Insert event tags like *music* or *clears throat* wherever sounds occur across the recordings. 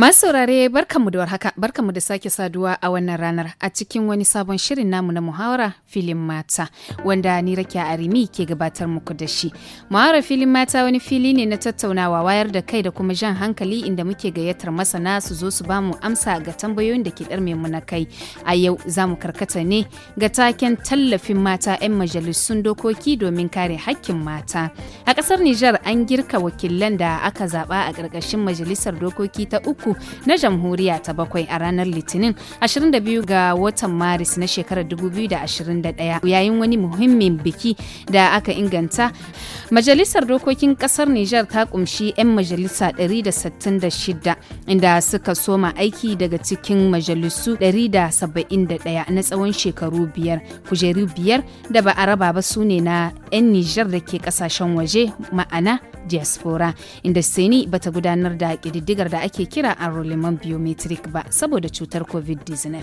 Masu saurare barkanmu da warhaka, barkanmu da sake saduwa a wannan ranar a cikin wani sabon shirin namu na muhawara filin mata wanda ni rake arimi ke gabatar muku da shi. Muhawara filin mata wani fili ne na tattaunawa wayar da kai da kuma jan hankali inda muke gayyatar masana su zo su bamu amsa ga tambayoyin da ke darme mu na kai. A yau za mu karkata ne ga taken tallafin mata 'yan majalisun dokoki domin kare hakkin mata. A ƙasar Nijar an girka wakilan da aka zaba a ƙarƙashin majalisar dokoki ta uku uku na jamhuriya ta bakwai a ranar litinin 22 ga watan maris na shekarar 2021 yayin wani muhimmin biki da aka inganta majalisar dokokin kasar niger ta kumshi 'yan majalisa 166 inda suka soma aiki daga cikin majalisu 171 na tsawon shekaru biyar kujeru biyar da ba a raba ba su ne na 'yan niger da ke kasashen waje ma'ana diaspora inda ba bata gudanar da ƙididdigar da ake kira enrollment biometric ba saboda cutar covid-19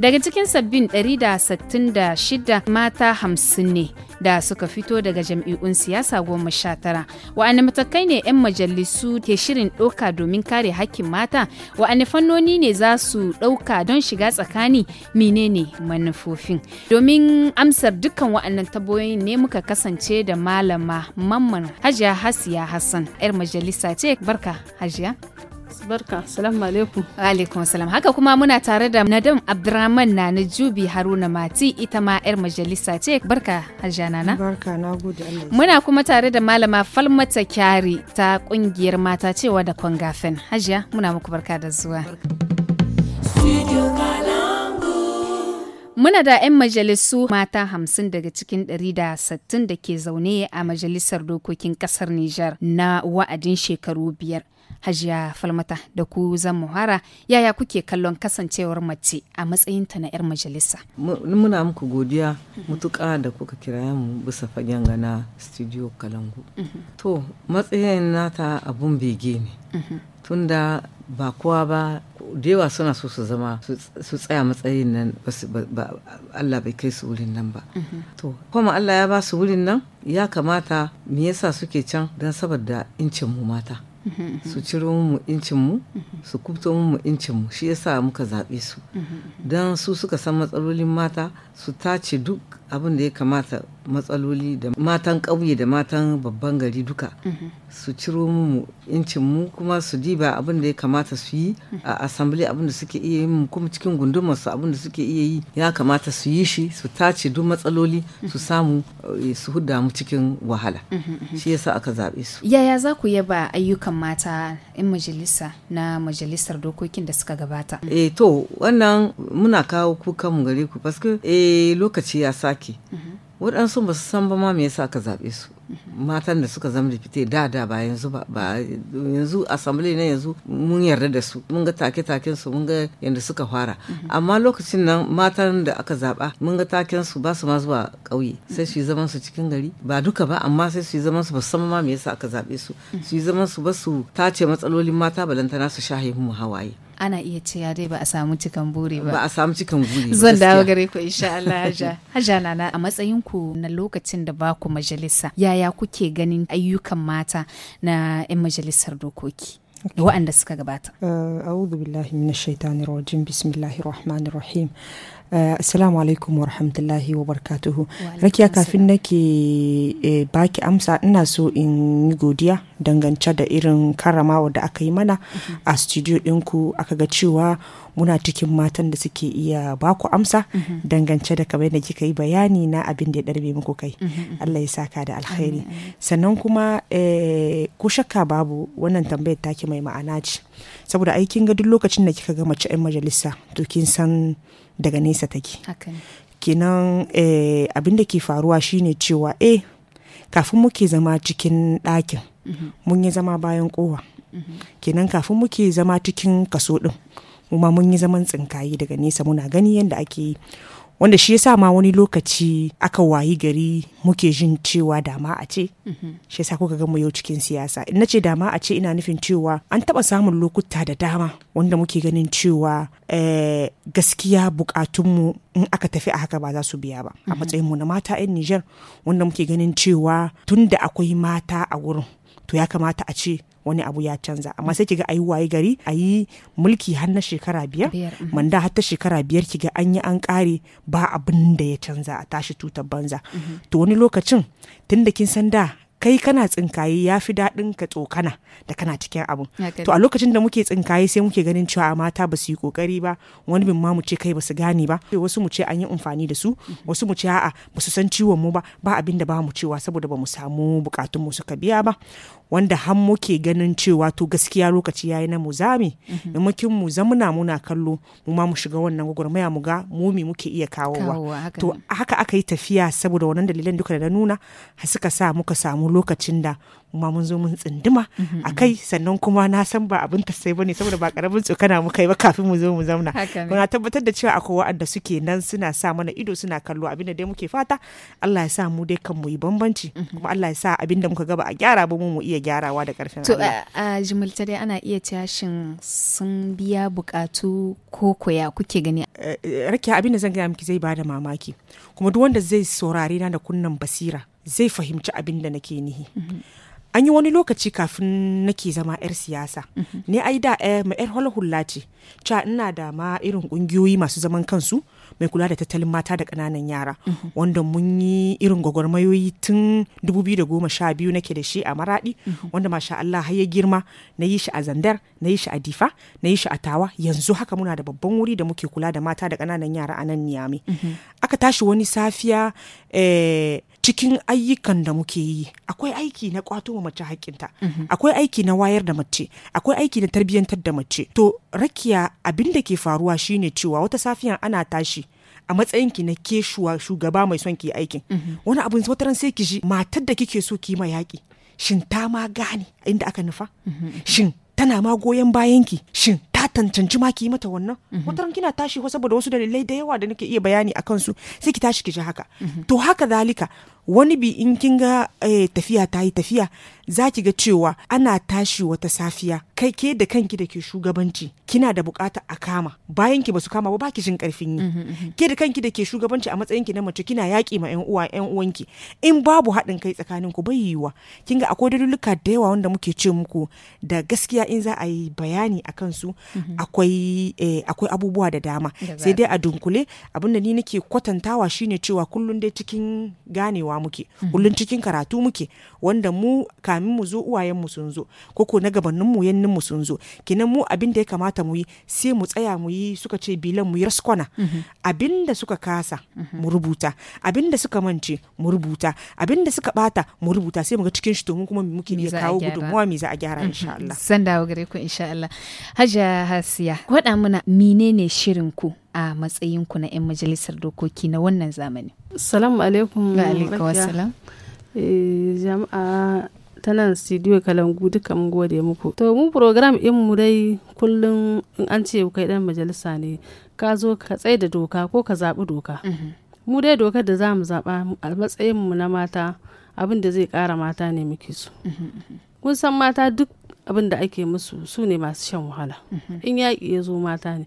daga cikin sabbin 166 mata 50 ne da suka fito daga jam'i'un siyasa goma sha tara wa'ani matakai ne 'yan majalisu ke shirin ɗauka domin kare hakkin mata wa'ani fannoni ne za su ɗauka don shiga tsakani menene manufofin domin amsar dukkan wa'annan taboyin ne muka kasance da malama mamman hajiya hasiya hassan 'yar majalisa ce barka hajiya barka salamu alaikum alaikum salam haka kuma muna tare da nadam abdurrahman na na jubi haruna mati ita ma yar majalisa ce barka hajjana na barka na gode allah muna kuma tare da malama falmata kyari ta kungiyar mata cewa da kwangafen hajiya muna muku barka da zuwa Muna da 'yan majalisu mata hamsin daga cikin ɗari da sattin da ke zaune a Majalisar Dokokin Ƙasar Nijar na wa'adin shekaru biyar. Hajiya Falmata da ku zan muhara yaya kuke kallon kasancewar mace a matsayin ta na 'yar majalisa. Muna muku godiya mutuƙa da kuka kira mu bisa fagen gana studio Kalangu. Mhm. To matsayin nata abun bege ne. Mhm. Tunda ba kowa ba dewa suna so su zama su tsaya matsayin nan ba Allah bai kai su wurin nan ba mhm. to kuma Allah ya ba su wurin nan ya kamata me yasa suke can don saboda incin mu mata su ciro mu incinmu su kubto mu incinmu shi yasa muka zaɓe su don su suka san matsalolin mata su tace duk abin da ya kamata matsaloli da matan ƙauye da matan babban gari duka mhm. su ciro mu incin mu kuma su diba abin da ya kamata su yi mhm. a asambili abin da suke iya yi kuma cikin gundumar su abin da suke iya yi ya kamata su yi shi su tace duk matsaloli mhm. su samu eh, su hudda mu cikin wahala shi yasa aka zaɓe su yaya za ku yaba ayyukan mata in majalisa na majalisar dokokin da suka gabata eh to wannan muna kawo kukan mu gare ku paske eh lokaci ya sake waɗansu ba su san ba ma me yasa ka zaɓe su matan da suka zama da fite da da ba yanzu ba yanzu assembly na yanzu mun yarda da su mun ga take taken su mun ga yanda suka fara amma lokacin nan matan da aka zaba mun ga taken su ba su ma zuwa kauye sai su yi zaman su cikin gari ba duka ba amma sai su yi zaman su ba san ma me yasa aka zaɓe su su yi zaman su ba su tace matsalolin mata balantana su shahe mu hawaye ana iya cewa dai ba a samu cikan buri ba. Ba a samu cikan buri ba. Zan dawo gare ku insha Allah *laughs* Haja. Haja Nana a matsayin ku na lokacin da ba ku majalisa yaya kuke ganin ayyukan mata na 'yan majalisar dokoki? Okay. waɗanda suka gabata. Eh, a'udhu billahi minash shaitani rajim bismillahi rahmanir rahim. Eh, assalamu alaikum wa rahmatullahi wa barkatuhu. Rakiya kafin nake eh, baki amsa ina so in yi godiya dangance da irin karramawa da aka yi mana mhm. a studio ɗinku aka ga cewa muna cikin matan da suke iya baku amsa mhm. dangance da kamar da kika yi bayani na abin da ya ɗarbe muku kai mhm, Allah ya saka da alkhairi sannan kuma eh, ku shakka babu wannan tambayar take mai ma'ana ce saboda aikin ga duk lokacin da kika ga mace 'yan majalisa to kin san daga nesa take kenan eh, abin da ke faruwa shine cewa eh kafin muke zama cikin ɗakin Mm-hmm. mun yi zama bayan kowa mm-hmm. kenan kafin muke zama cikin kaso din kuma mun yi zaman tsinkayi daga nesa muna gani yadda ake yi wanda shi yasa ma wani lokaci aka wayi gari muke jin cewa dama a ce mm-hmm. shi yasa kuka ga mu yau cikin siyasa in nace dama a ce ina nufin cewa an taba samun lokuta da dama wanda muke ganin cewa eh, gaskiya bukatunmu in aka tafi a haka ba za su biya ba a matsayin mu na mata 'yan Nijar wanda muke ganin cewa tunda akwai mata a wurin to ya kamata a ce wani abu ya canza amma sai kiga ayi waye gari ayi mulki har na shekara biyar mhm. manda har ta shekara biyar kiga an yi an kare ba abin da ya canza a tashi tutar banza mhm. to wani lokacin tunda kin san da kai kana tsinkaye ya fi daɗin ka tsokana da kana cikin abun to a lokacin da muke tsinkaye sai muke ganin cewa mata ba su yi kokari ba wani bin ma mu ce kai ba su gane ba wasu mu ce an yi amfani da su mhm. wasu mu ce a'a ba su san ciwon mu ba ba abin da ba mu cewa saboda ba mu samu bukatun mu suka biya ba wanda har muke ganin cewa to gaskiya lokaci yayi na mu zame mhm. maimakin mu zamuna muna kallo mu ma mu shiga wannan gwagwarmaya mu ga mu me muke iya kawowa to haka aka yi tafiya saboda wannan dalilan duka da na nuna suka sa muka samu lokacin da kuma mun zo mun tsinduma mhm, a kai mhm. sannan kuma na san ba abin ta sai bane saboda ba karamin tsokana mu kai ba kafin mu zo mu zauna muna tabbatar da cewa akwai wa'anda suke nan suna sa mana ido suna kallo abin da dai muke fata Allah ya sa mu dai kan mu yi bambanci mhm. kuma Allah ya sa abin da muka gaba a gyara ba mu iya gyarawa da karfin to a jimilta dai ana iya cewa shin sun biya bukatu ko koya kuke gani eh, rakiya abin da zan gaya miki zai bada mamaki kuma duk wanda zai saurare na da kunnan basira zai fahimci abin da nake nihi an yi wani lokaci kafin nake zama 'yar siyasa mhm. ne ai da eh, ma 'yar hula ce cewa ina da ma irin ƙungiyoyi masu zaman kansu mai kula da tattalin mata da ƙananan yara mhm. wanda mun yi irin gwagwarmayoyi tun 2012 nake da shi a maraɗi. Mhm. wanda masha Allah har ya girma na yi shi a zandar na yi shi a difa na yi shi a tawa yanzu haka muna da babban wuri da muke kula da mata da ƙananan yara a nan niyame aka tashi wani safiya eh, cikin ayyukan da muke yi akwai aiki na kwato mace hakinta mhm. akwai aiki na wayar da mace akwai aiki na tarbiyyantar da mace to rakiya abin da ke faruwa shine cewa wata safiya ana tashi a matsayin ki na ke shugaba mai son ki aikin mhm. wani wata wataran sai ki ji matar da kike so ki ma yaƙi shin ta ma gane inda aka nufa mhm. shin tana ma goyon bayan ki shin tantance tantanci ma ki yi mata wannan mhm. wata ran kina tashi saboda wasu dalilai da yawa da nake iya bayani akan su sai ki tashi ki ji haka mhm. to haka zalika wani bi in kin ga eh, tafiya ta yi tafiya za ki ga cewa ana tashi wata safiya kai ke da kanki da ke shugabanci kina da bukata a kama bayan ki basu kama ba baki jin karfin yi mm-hmm, mm-hmm. ke da kanki da ke shugabanci a matsayin ki na mace kina yaki ma yan uwa yan uwanki in babu haɗin kai tsakanin ku bai yiwuwa kin ga akwai dalilika da yawa wanda muke ce muku da gaskiya in za a yi bayani a kansu mm-hmm. akwai eh, akwai abubuwa da dama sai dai a dunkule abinda ni nake kwatantawa shine cewa kullum dai cikin ganewa rayuwa muke mhm. kullun cikin karatu muke wanda mu kamin mu zo uwayen mu sun zo ko ko na gabanin mu yannin mu sun zo kinan mu abin da ya kamata mu yi sai mu tsaya mu yi suka ce bilan mu yi raskwana mhm. abin da suka kasa mhm. mu rubuta abin da suka mance mu rubuta abin da suka bata mu rubuta sai mu ga cikin shi to mu kuma muke iya kawo gudunmuwa me za a gyara insha Allah san dawo gare ku insha Allah hajja hasiya gwada mana menene shirin ku a matsayinku na 'yan majalisar dokoki na wannan zamani. Salamu alaikum. Wa salam. Eh, jama'a ta nan studio kalangu duka mun gode muku. To mu program in mu dai kullum in an ce kai dan majalisa ne ka zo ka tsaye da doka ko ka zaɓi doka. Mhm. Mu dai dokar da za mu zaɓa a matsayin mu na mata abin da zai ƙara mata ne muke su. Mhm, mhm. Kun san mata duk abin da ake musu su ne masu shan wahala. In yaƙi ya zo mata ne.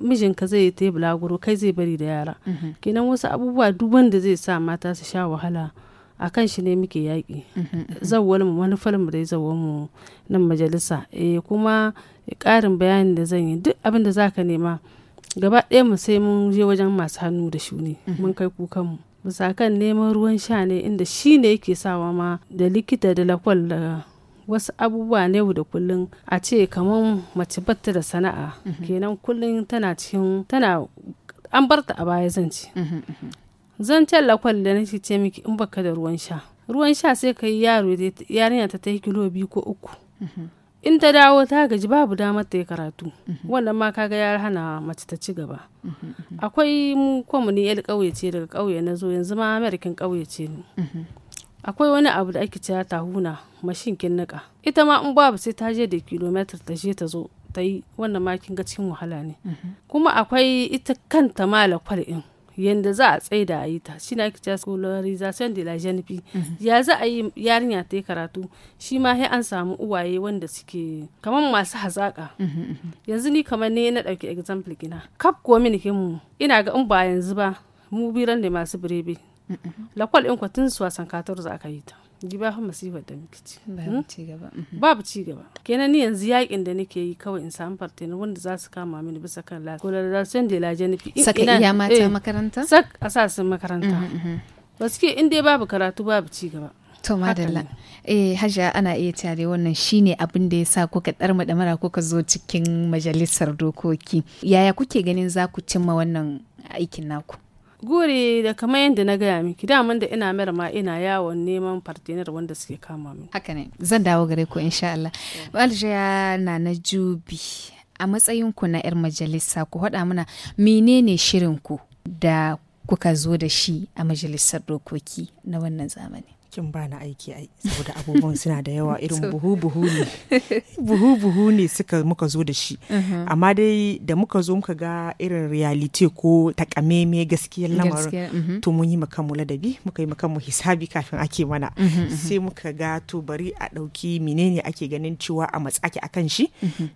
mijinka zai ta bulaguro kai zai bari da yara mhm. kenan wasu abubuwa duk wanda zai sa mata su sha wahala a kan shi ne muke yaƙi mhm, mhm. zawwal mu manufar mu dai zawwal mu nan majalisa eh kuma ƙarin bayani da zan yi duk abin da ka nema gaba ɗaya mu sai mun je wajen masu hannu da shuni mun kai kukan mu bisa kan neman ruwan sha ne inda shi ne yake sawa ma da likita da lakwal da wasu abubuwa na yau da kullum a ce kamar mace batta da sana'a mhm. kenan kullum tana cikin tana an barta a baya zan ce mhm, mhm. zan kwal da nake ce miki in baka da ruwan sha ruwan sha sai ka yi yaro yarinya ta tai kilo biyu ko uku in ta dawo ta gaji babu damar ta yi karatu wannan ma kaga ya hana mace ta ci gaba akwai mu kwamuni yar ƙauye ce daga ƙauye na zo yanzu ma amerikan ƙauye ce ne akwai wani abu da ake cewa tahuna mashin kin nika ita ma in babu sai ta je da kilometer ta je ta zo ta yi wannan ma kin ga cikin wahala ne mhm. kuma akwai ita kanta mala kwal'in yanda za a tsaida da ayita ta shi na kica scolarization de la jeune mhm. ya za a yi yarinya ta yi karatu shi ma sai an samu uwaye wanda suke kamar masu hazaka mhm, yanzu ni kamar ne na ɗauki example gina kaf ko mini mu ina ga in ba yanzu ba mu biran da masu birebe lakwal ɗin kwatin su wasan katar za ka yi ta ba fa da muke ci hmm? mhm. babu ci gaba kenan ni yanzu yakin da nake yi kawai in samu ne wanda za su kama mini bisa kan lafiya colorization de la jeune fille saka iya mata eh, makaranta sak a sa su makaranta mhm, mhm. wasu in dai babu karatu babu ci gaba To madalla. Eh Hajiya ana iya tare wannan shine abin da ya sa kuka darma damara kuka zo cikin majalisar dokoki. Yaya kuke ganin za ku cimma wannan aikin naku? guri da kamar yadda na gaya miki daman da ina mayar ma ina yawon neman partner wanda suke kama min haka ne zan dawo gare ku insha Allah Aljiya na na jubi a matsayin ku na yar majalisa ku haɗa mana menene shirin ku da kuka zo da shi a majalisar dokoki na wannan zamani kin ba na aiki ai saboda abubuwan suna da yawa *laughs* irin buhu buhu ne *laughs* buhu buhu ne suka muka zo da shi uh-huh. amma dai da muka zo muka ga irin reality ko takameme gaskiyar lamarin uh-huh. to mun yi makamu ladabi muka yi makamu hisabi kafin ake mana uh-huh, sai muka ga to bari a dauki menene ake ganin cewa a matsaki akan shi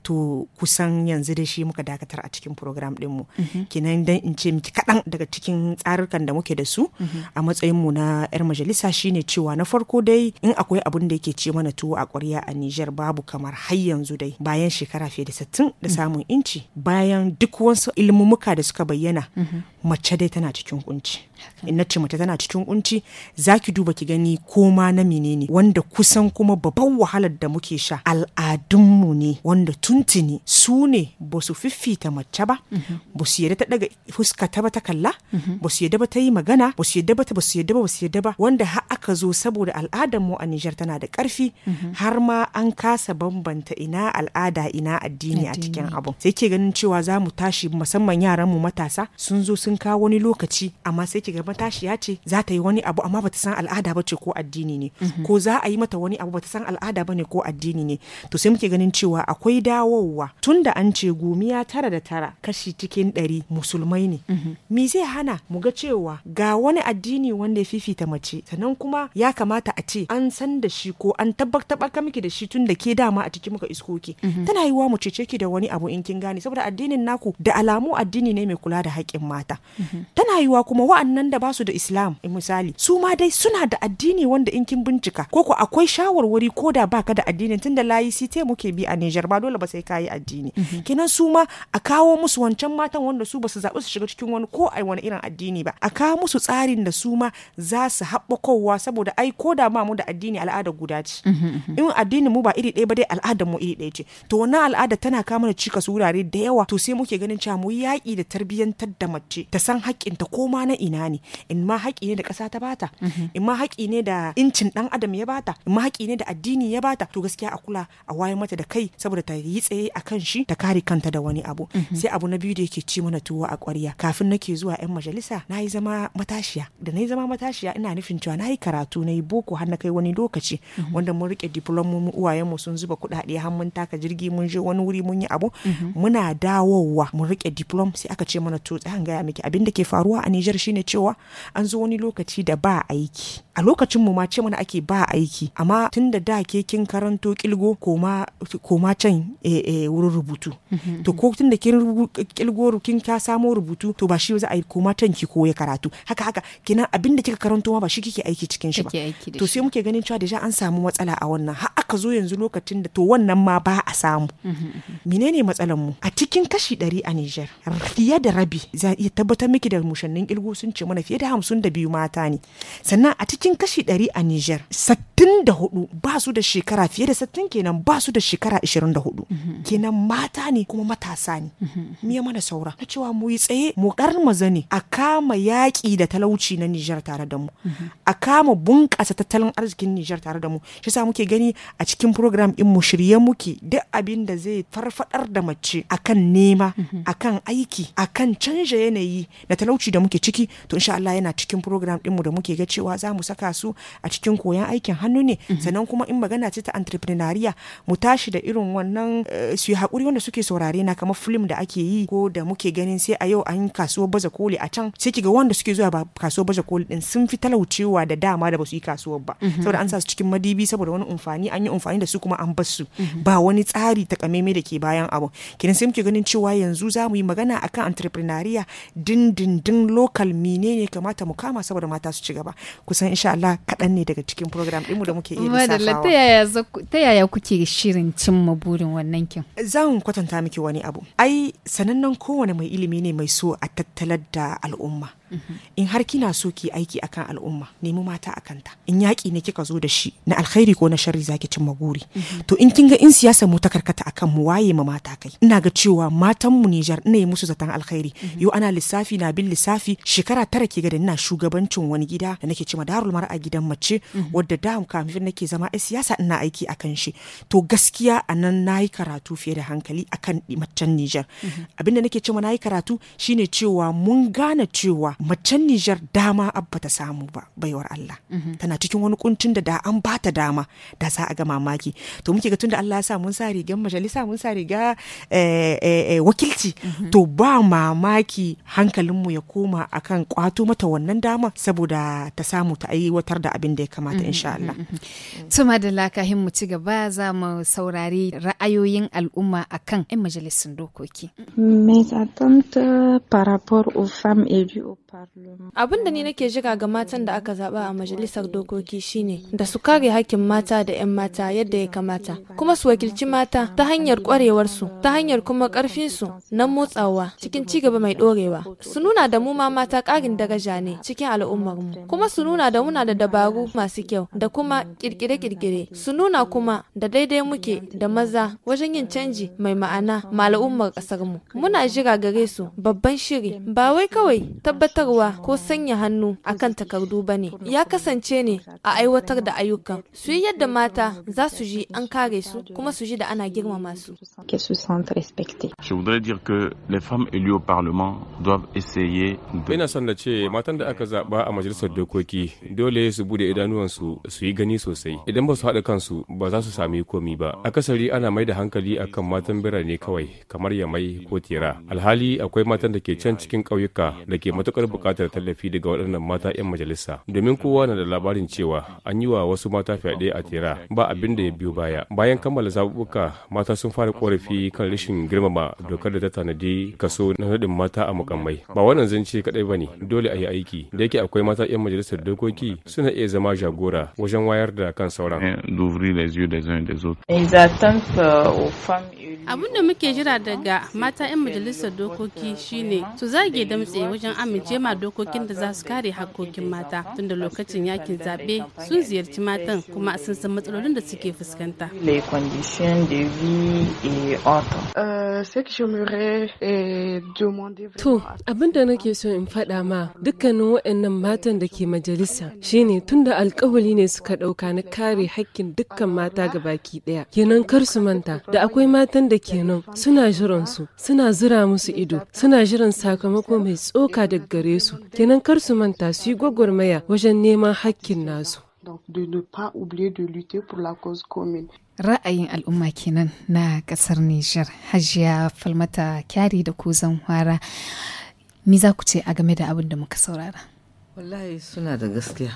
to kusan yanzu da shi muka dakatar a cikin program din mu kinan dan in ce miki kadan daga cikin tsarukan da muke da su a matsayin mu na yar majalisa shine cewa cewa na farko dai in akwai abin da yake ce mana tuwo a ƙwarya a Nijar babu kamar har yanzu dai bayan shekara fiye da 60 da samun inci bayan duk wasu ilmumuka da suka bayyana mhm. mace dai tana cikin kunci in na ce mace tana cikin kunci za ki duba ki gani ko ma na menene wanda kusan kuma babban wahalar da muke sha al'adunmu ne wanda tuntuni su ne ba su fiffita mace ba mm-hmm. ba su yadda ta daga fuska ta ba ta kalla mm-hmm. ba su yadda ba ta yi magana ba su yadda ba ta ba su yadda ba ba su yadda ba wanda har aka zo saboda al'adar mu a Nijar tana da karfi mm-hmm. har ma an kasa bambanta ina al'ada ina addini a cikin abu sai ke ganin cewa za mu tashi musamman yaran mu matasa sun zo sun kawo wani lokaci amma sai ki ga matashiya ce za ta yi wani abu amma bata san al'ada ba ce ko addini ne mhm. ko za a yi mata wani abu bata san al'ada ba ne ko addini ne to sai muke ganin cewa akwai dawowa tunda an ce gumiya tara da tara kashi cikin ɗari musulmai ne mhm. me zai hana mu ga cewa ga wani addini wanda ya fifita mace sannan kuma ya kamata a ce an san da shi ko an tabbatar ka miki da shi tun da ke dama a cikin muka iskoki mhm. tana yiwa mu cece ki da wani abu in kin gane saboda addinin naku da alamu addini ne mai kula da haƙƙin mata tana yiwa kuma wa'annan da basu da islam eh, misali su ma dai suna da addini wanda in kin bincika ko ko akwai shawarwari ko da baka da addini tunda layi site muke bi a Niger ba dole ba sai ka yi addini mhm. kenan su ma a kawo musu wancan matan wanda su basu zaɓi su shiga cikin wani ko ai wani irin addini ba a kawo musu tsarin da su ma za su haɓɓakowa saboda ai ko da ma mu da addini al'ada guda ce mhm, mhm, in addinin mu ba iri ɗaya ba dai al'adar mu iri ɗaya ce to wannan al'ada tana kama da cika su wurare da yawa to sai muke ganin cewa mu yaƙi da tarbiyyantar da mace ta san haƙƙinta ko ma na ina ne in ma haƙƙi ne da ƙasa ta bata mhm. in ma haƙƙi ne da incin ɗan adam ya bata in ma haƙƙi ne da addini ya bata to gaskiya a kula a waye mata da kai saboda ta yi tsaye a kan shi ta kare kanta da wani abu mhm. sai abu na biyu da yake ci mana tuwo a ƙwarya kafin nake zuwa yan majalisa na yi zama matashiya da na yi zama matashiya ina nufin cewa na yi karatu na yi boko har na kai wani lokaci mhm. wanda mun rike uwaye mu sun zuba kuɗaɗe har mun taka jirgi mun je wani wuri mun yi abu muna dawowa mun rike diplom sai aka ce mana to tsayan gaya miki maki abin da ke faruwa a Nijar shine cewa an zo wani lokaci da ba aiki a lokacin mu ma ce mana ake ba aiki amma tun da da ke kin karanto kilgo koma koma can eh, eh, wurin rubutu mhm, to mhm. ko tun da kin kilgo kin ka samo rubutu to ba shi za a yi koma can ki koya karatu haka haka kina abin da kika karanto ma ba shi kike aiki cikin shi ba to sai muke ganin cewa deja an samu matsala a wannan har aka zo yanzu lokacin da to wannan ma ba a samu mhm, menene matsalar mu a cikin kashi ɗari a Nijar fiye da rabi za iya tabbatar miki da mushannin ilgu sun ce mana fiye da hamsin da biyu mata ne sannan a cikin kashi ɗari a niger sattin da hudu ba su da shekara fiye da sattin kenan ba su da shekara ishirin da hudu mhm. kenan mata ne kuma matasa ne miya mhm. mana saura na cewa mu yi tsaye mu ɗar maza ne a kama yaƙi da talauci na niger tare da mu mhm. a kama bunƙasa tattalin arzikin niger tare da mu shi sa muke gani a cikin program in mu shirye muke duk abin da zai farfadar da mace akan nema akan aiki akan canja yanayi yi na talauci da muke ciki to insha Allah yana cikin program mu da muke ga cewa za mu saka su a cikin koyon aikin hannu ne mhm. sannan kuma in magana ce ta entrepreneuria mu tashi da irin wannan eh, su haƙuri wanda suke saurare na kamar film da ake yi ko da muke ganin sai a yau an kasuwar baza koli a can sai kiga wanda suke zuwa ba kasuwar baza koli din sun fi talaucewa da dama da ba su yi kasuwar ba mhm. saboda an sa su cikin madibi saboda wani amfani an yi amfani da su kuma an bar su mhm. ba wani tsari takamaimai da ke bayan abu kenan sai muke ganin cewa yanzu za mu yi magana akan entrepreneuria dindindin local ne kamata mu kama saboda mata su ci gaba kusan insha Allah kaɗan ne daga cikin program ɗinmu da muke iya lissafawa ta yaya kuke shirin cimma burin wannan kin za kwatanta miki wani abu ai sanannen kowane mai ilimi ne mai so a tattalar da al'umma in har kina so ki aiki akan al'umma nemi mata a kanta in yaƙi ne kika zo da shi na alkhairi ko na sharri zaki cimma guri mhm. to in kin ga in siyasa mu ta karkata akan mu waye ma mata kai ina ga cewa matan mu Nijar ina yi musu zaton alkhairi mhm. yo ana lissafi na bin lissafi shekara tara ke ga da ina shugabancin wani gida da nake cima darul mar'a gidan mace mhm. wadda da kafin nake zama a siyasa ina aiki akan shi to gaskiya anan nayi karatu fiye da hankali akan macen Nijar abinda nake cima nayi karatu shine cewa mun gane cewa macen Nijar dama abba ta samu ba baiwar Allah mhm. tana cikin wani kuncin da da an ba ta dama da za a ga mamaki to muke ga tunda Allah ya sa mun sa rigar majalisa mun sa riga eh, eh, eh, wakilci mhm. to ba mamaki hankalinmu ya koma akan kwato mata wannan dama saboda ta samu ta aiwatar da abin da ya kamata mhm, insha Allah tuma da lakahin mu ci gaba za mu saurari ra'ayoyin al'umma akan 'yan majalisun dokoki. Mai attente par rapport aux femmes abinda da ni nake jiga ga matan da aka zaba a majalisar dokoki shine da su kare hakkin mata da 'yan mata yadda ya kamata, kuma su wakilci mata ta hanyar kwarewarsu, ta hanyar kuma ƙarfinsu na motsawa cikin ci gaba mai ɗorewa. Su nuna da mu ma mata karin daraja ne cikin al'ummarmu, kuma su nuna da muna da dabaru masu kyau da kuma kirkire-kirkire. Su nuna kuma da daidai muke da maza wajen yin canji mai ma'ana ma al'ummar mu. Muna jira gare su babban shiri ba wai kawai tabbatar aiwatarwa ko sanya hannu akan takardu ba ne ya kasance ne a aiwatar da ayyukan su yi yadda mata za su ji an kare su kuma su ji da ana girmama su ina son da ce matan da aka zaba a majalisar dokoki dole su bude idanuwansu su yi gani sosai idan ba su haɗa kansu ba za su sami komi ba akasari ana mai da hankali akan matan birane kawai kamar yamai ko tera alhali akwai matan da ke can cikin ƙauyuka da ke matukar buƙatar tallafi daga waɗannan mata 'yan majalisa domin kowa na da labarin cewa an yi wa wasu mata fyaɗe a tera ba abin da ya biyo baya bayan kammala zaɓuɓɓuka mata sun fara ƙorafi kan rashin girmama dokar da ta tanadi kaso na naɗin mata a mukammai ba wannan zance kaɗai ba ne dole a yi aiki da yake akwai mata 'yan majalisar dokoki suna iya zama jagora wajen wayar da kan sauran euh, abin da muke jira daga mata 'yan majalisar dokoki shine su zage damtse wajen amince ma dokokin da za su kare hakkokin mata tunda lokacin yakin zaɓe sun ziyarci matan kuma sun san matsalolin da suke fuskanta. Euh, euh, to, abin da nake so in faɗa ma dukkanin waɗannan matan da ke majalisa shine tunda da alkawali ne suka ɗauka na kare hakkin dukkan mata ga baki ɗaya. Kenan kar su manta da akwai matan da kenan suna su suna zura musu ido, suna jiran sakamako mai tsoka daga gare gare su kenan kar su manta su yi gwagwarmaya wajen neman hakkin nasu de Ra'ayin al'umma kenan na kasar Nijar, Hajiya Falmata Kyari da Kuzan Hwara. Me za ku ce a game da abin da muka saurara? Wallahi suna da gaskiya.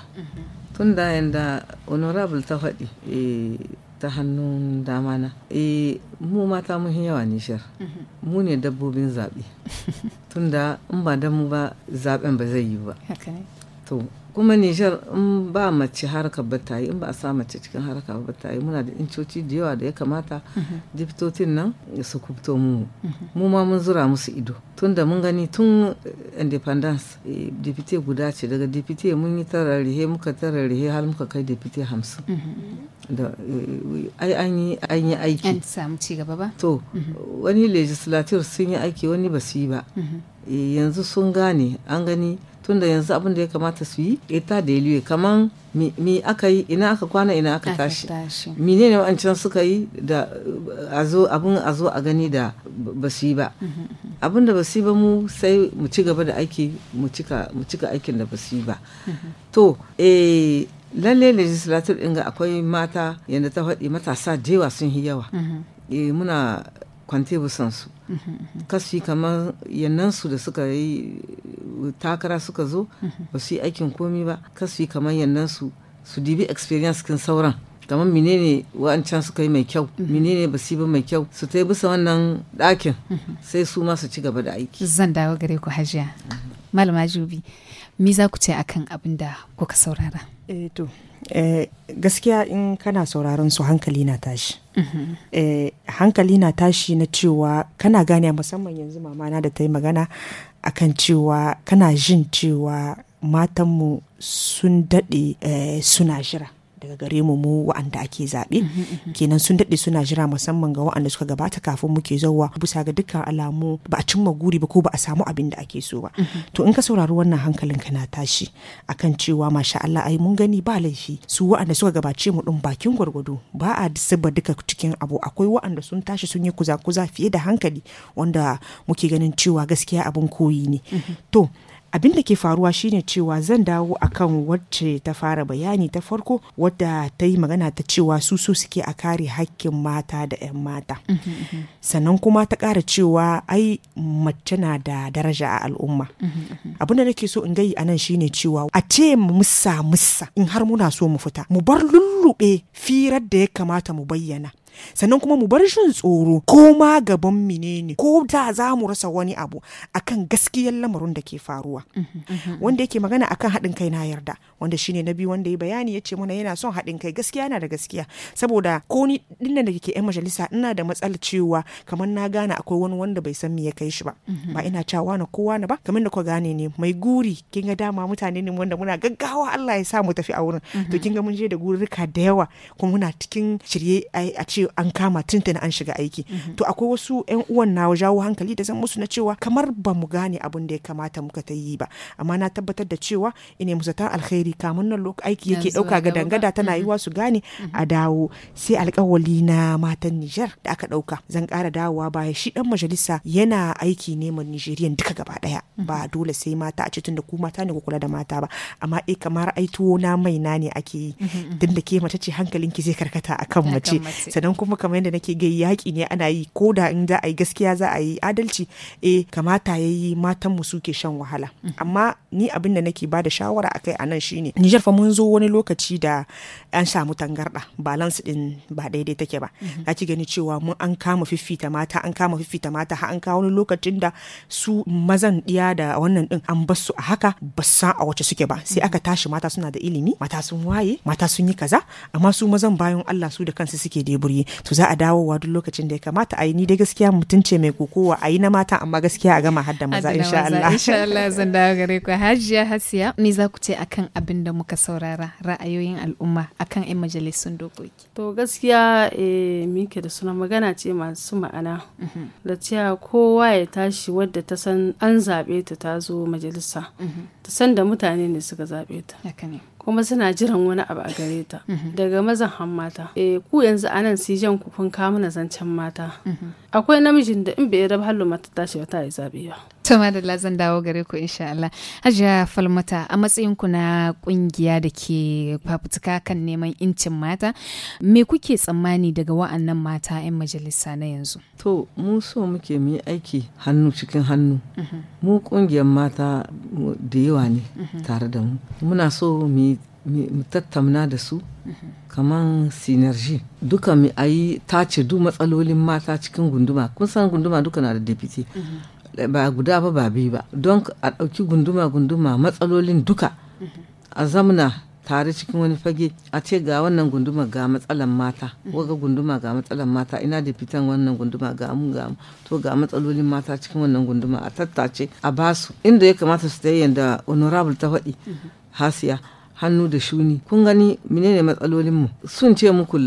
Tun da yanda honorable ta faɗi eh, ta hannun dama na eh mu mata mun yawa nishar mhm. mu ne dabbobin zaɓe *laughs* tunda in ba damu mu ba zaɓen ba zai yi ba to kuma nijar in ba mace harka ba ta yi in ba a sa mace cikin harka ba ta yi muna da incoci da yawa da ya kamata mhm. diptotin nan su kubto mu mhm. mu ma mun zura musu ido tun da mun gani tun independence eh, dipite guda ce daga dipite mun yi tararihe muka tararihe har muka kai dipite hamsin mhm. da eh, ai an yi an yi aiki an samu ci ba to wani legislature sun yi aiki wani ba su yi ba eh, yanzu sun gane an gani tunda yanzu abin da ya kamata su yi eta da liwe kaman mi aka yi ina aka kwana ina aka tashi mine ne wancan suka yi da azo abin a zo a gani da ba su yi ba mhm, mhm. abin da ba su yi ba mu sai mu ci gaba da aiki mu cika aikin da ba su yi ba mhm. to eh lalle legislature ɗin ga akwai mata yadda ta faɗi matasa jewa sun yi yawa eh, muna kwante san su kamar yannan su da suka yi takara suka zo ba su yi aikin komi ba kasfi kamar yannan su su dibi experience kin sauran kamar menene wa'ancan suka yi mai kyau menene ba ba mai kyau su ta bisa wannan ɗakin sai su ma su ci gaba da aiki zan dawo gare ku hajiya malama jubi me za ku ce akan abin da kuka saurara eh to Eh, gaskiya in kana sauraron su hankali na tashi eh, hankali na tashi na cewa kana gane musamman yanzu mamana da ta yi magana akan cewa kana jin cewa matanmu sun daɗe eh, suna jira daga gare mu mu wa'anda ake zaɓe mhm, mhm, mhm. kenan sun daɗe suna jira musamman ga wa'anda suka gabata kafin muke zauwa bisa ga dukkan alamu ba a cimma guri ba ko ba a samu abin da ake so ba to in ka saurari wannan hankalin ka na tashi akan cewa masha Allah ai mun gani ba laifi su wa'anda suka gabace mu ɗin bakin gwargwado ba a saba duka cikin abu akwai wa'anda sun tashi sun yi kuza-kuza fiye da hankali wanda muke ganin cewa gaskiya abin koyi ne to abin da ke faruwa shine cewa zan dawo akan wacce ta fara bayani ta farko wadda ta yi magana ta cewa su so suke a kare hakkin mata da 'yan mata mhm, mhm. sannan kuma ta ƙara cewa ai mace na da daraja a al'umma mm abin da nake so in gayi anan shine cewa a ce musa musa in har muna so mu fita mu bar lullube firar da ya kamata mu bayyana sannan kuma mu bar shin tsoro ko ma gaban menene ko da za mu rasa wani abu akan gaskiyar lamarin da ke faruwa mhm, mhm. wanda yake magana akan haɗin kai na yarda wanda shine na biyu wanda ya bayani ya ce mana yana son haɗin kai gaskiya na da gaskiya saboda ko ni din da ke yan majalisa ina da matsalar cewa kamar na gane akwai wani wanda bai san me ya kai shi ba mhm. ba ina cewa na kowa na ba kamar da ko gane ne mai guri kin ga dama mutane ne wanda muna gaggawa Allah ya sa mu tafi a wurin to kin ga mun je da rika da yawa kuma muna cikin shirye a ce an kama tuntuna an shiga aiki mhm. to akwai wasu yan uwan na jawo hankali da zan musu na cewa kamar ba mu gane abin da ya kamata muka ta yi ba amma na tabbatar da cewa ina musu ta alkhairi kamun nan lokaci aiki yake dauka ga dangada tana yiwa mhm. su gane a mhm. dawo sai alkawali na matan Nijar da aka dauka zan kara dawowa ba shi dan majalisa yana aiki ne neman nijeriya duka gaba daya ba dole sai mata a cikin da ku mata ne ku kula da mata ba amma eh kamar aituwo na mai na ne ake yi tunda ke mace ce hankalinki zai karkata akan mace sanan sannan kuma kamar yadda nake gai yaƙi ne ana yi ko da in za a yi gaskiya za a yi adalci eh kamata ya yi matan mu suke shan wahala mm-hmm. amma ni abin da nake ba da shawara akai a nan shine Nijar fa mun zo wani lokaci da an samu tangarda balance din ba daidai take ba na mm-hmm. ci gani cewa mun an kama fiffita mata an kama fiffita mata har an kawo wani lokacin da su mazan diya da wannan din an bar su a haka ba sa a wace suke ba sai mm-hmm. aka tashi mata suna da ilimi mata sun waye mata sun yi kaza amma su mazan bayan Allah su da kansu suke deburi yi to za a wa duk lokacin da ya kamata a yi ni dai gaskiya mutum ce mai kokowa a yi na mata amma gaskiya a gama har da maza insha Allah insha Allah zan dawo *laughs* gare ku Hajiya Hasiya Ni za ku ce akan abin da muka saurara ra'ayoyin al'umma akan 'yan majalisun dokoki to gaskiya eh muke da suna magana ce masu ma'ana mhm. da cewa kowa ya tashi wadda ta san an zaɓe ta ta zo majalisa mhm. ta san da mutane ne suka zaɓe ta kuma suna jiran wani abu a gare ta mm-hmm. daga mazan han mata eh, ku yanzu anan si jan ku kun mana zancen mata mm-hmm. akwai namijin da in bai raba hallo mata tashi ba ta yi zaɓe ba to madalla zan dawo gare ku insha Allah hajiya falmata a matsayin ku na kungiya da ke fafutuka kan neman incin mata me kuke tsammani daga wa'annan mata 'yan majalisa na yanzu to mu so muke mu aiki hannu cikin hannu mm-hmm. mu kungiyar mata da yawa ne tare da mu muna so mu yi mu tattauna da su kamar sinerji duka mu a yi tace du matsalolin mata cikin gunduma kun san gunduma duka na da dipiti ba guda ba ba biyu ba don a ɗauki gunduma gunduma matsalolin duka a zamna tare cikin wani fage a ce ga wannan gunduma ga matsalan mata waga gunduma ga matsalan mata ina da fitan wannan gunduma ga mu ga mu to ga matsalolin mata cikin wannan gunduma a tattace a basu inda ya kamata su ta yi yanda honorable ta faɗi hasiya hannu da shuni kun gani menene matsalolin mu sun ce muku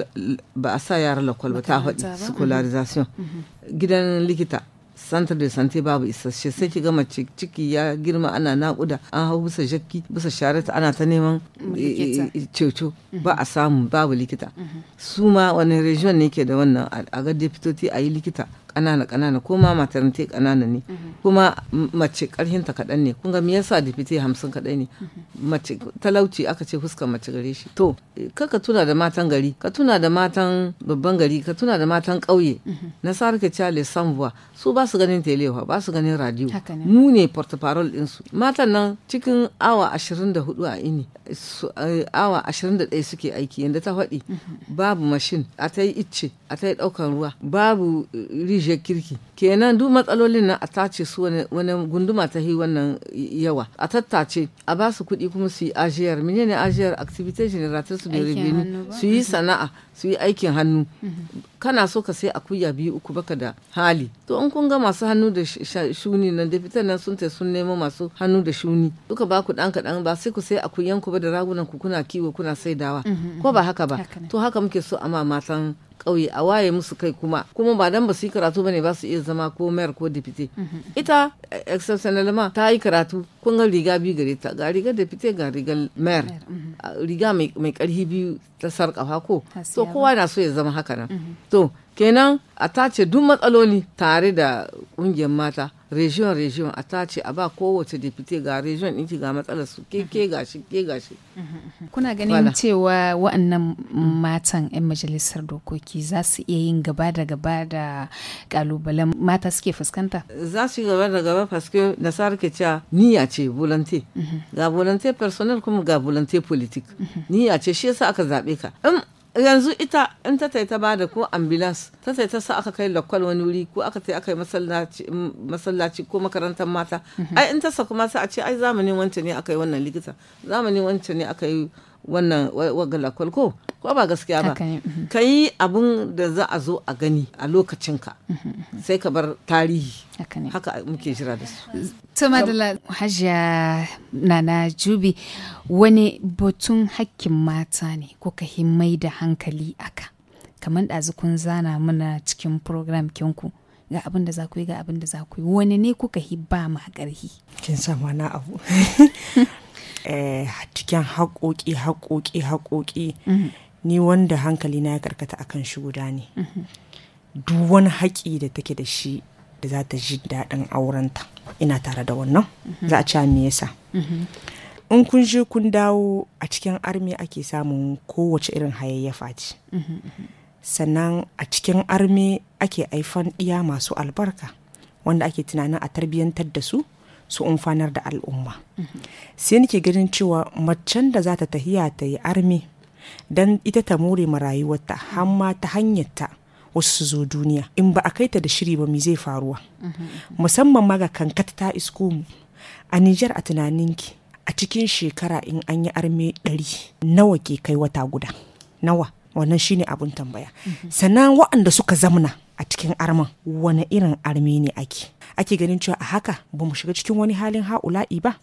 ba a sa yara lakwal ba ta haɗi mhm. scolarization mhm. gidan likita santar da sante babu isasshe sai ki gama ciki ya girma ana nakuda an hau bisa jakki bisa sharata ana ta neman eh, eh, eh, ceto mhm. ba a samu babu likita su ma wani region ne ke da wannan a ga deputoti a yi likita kanana kanana ko ma ta kanana ne mhm. kuma mace ta kaɗan ne kun ga me yasa dipite hamsin kaɗai ne mhm. mace talauci aka ce fuskar mace gare shi to kaka tuna da matan gari ka tuna da matan babban gari ka tuna da matan ƙauye mhm. na sarka chale sanvuwa su ba su ganin telewa ba su ganin radio mu ne din su. matan nan cikin awa 24 a ini eh, awa 21 suke aiki yanda ta faɗi babu mashin a ta yi icce a ta yi ɗaukan ruwa babu eh, rij murje kirki kenan duk matsalolin nan a tace su wani gunduma ta yi wannan yawa a tattace a ba su kuɗi kuma su yi ajiyar ne ajiyar activity generator su da su yi sana'a su yi aikin hannu mhm. kana so ka sai akuya biyu uku baka da hali to in kun ga masu hannu da shuni nan da fitan nan sun ta sun nemo masu hannu da shuni duka ba ku dan kadan ba sai ku sai akuyan ku ba da ragunan ku kuna kiwo kuna saidawa mm-hmm, ko ba haka ba to haka muke so ma matan kauye a waye musu kai kuma kuma ba dan ba su yi karatu bane ba su iya zama ko mayar ko dipite mm-hmm. ita e-, e-, exceptional ma ta yi karatu kun ga riga biyu gare ta ga riga da fite ga rigar mayar riga mhm. ah, mai karhi biyu ta sarkafa ko to kowa na so ya zama haka nan mhm. to kenan a tace duk matsaloli tare da ƙungiyar mata region region a tace a ba kowace deputy ga region ɗinki ga matsalar su ke ke gashi ke gashi kuna ganin cewa wa'annan matan 'yan majalisar dokoki za su iya yin gaba da gaba da kalubalen mata suke fuskanta za su yi gaba da gaba faske da sarki cewa niya ce volunteer mhm. ga volunteer personnel kuma ga volunteer politik mhm. niya ce shi yasa aka zaɓe ka yanzu ita in ta ta ba da ko ambulance ta ta sa aka kai lakwal wani wuri ko aka ta aka yi masallaci ko makarantar mata mhm. ai in ta sa kuma sai a ce ai zamanin wancan ne aka yi wannan likita zamanin wancan ne aka yi wannan wagalakwal ko ko ba gaskiya ba mhm. ka yi abin da za a zo a gani a lokacinka mhm, mhm, sai ka bar tarihi haka muke jira da su ta madala hajiya nana jubi wani batun hakkin mata ne ko ka himmai da hankali aka kamar ɗazu kun zana mana cikin program kinku ga abin da za ku yi ga abin da za ku yi wani ne kuka hi ba ma ƙarfi. kin samu na abu *laughs* Eh, cikin haƙoƙi haƙoƙi haƙoƙi mhm. ni wanda hankali na ya karkata akan shi guda ne mhm. duk wani haƙi da take da shi da za ta ji daɗin aurenta ina tare da wannan mhm. za a ci me yasa in kun je kun dawo a cikin armi ake samun kowace irin hayayyafa ce sannan a cikin armi ake aifan ɗiya masu albarka wanda ake tunanin a tarbiyyantar da su su umfanar da al'umma sai nake ganin cewa macen da za ta tahiya ta yi armi don ita ta more ma rayuwarta har ma ta hanyarta wasu su zo duniya in ba a kai ta da shiri ba me zai faruwa musamman ma ga kankata ta isko mu a Nijar a tunaninki a cikin shekara in an yi arme ɗari nawa ke kai wata guda nawa wannan shine abun tambaya sannan waɗanda suka zamna a cikin arman wani irin arme ne ake ake ganin cewa a haka ba mu shiga cikin wani halin ha'ula'i ba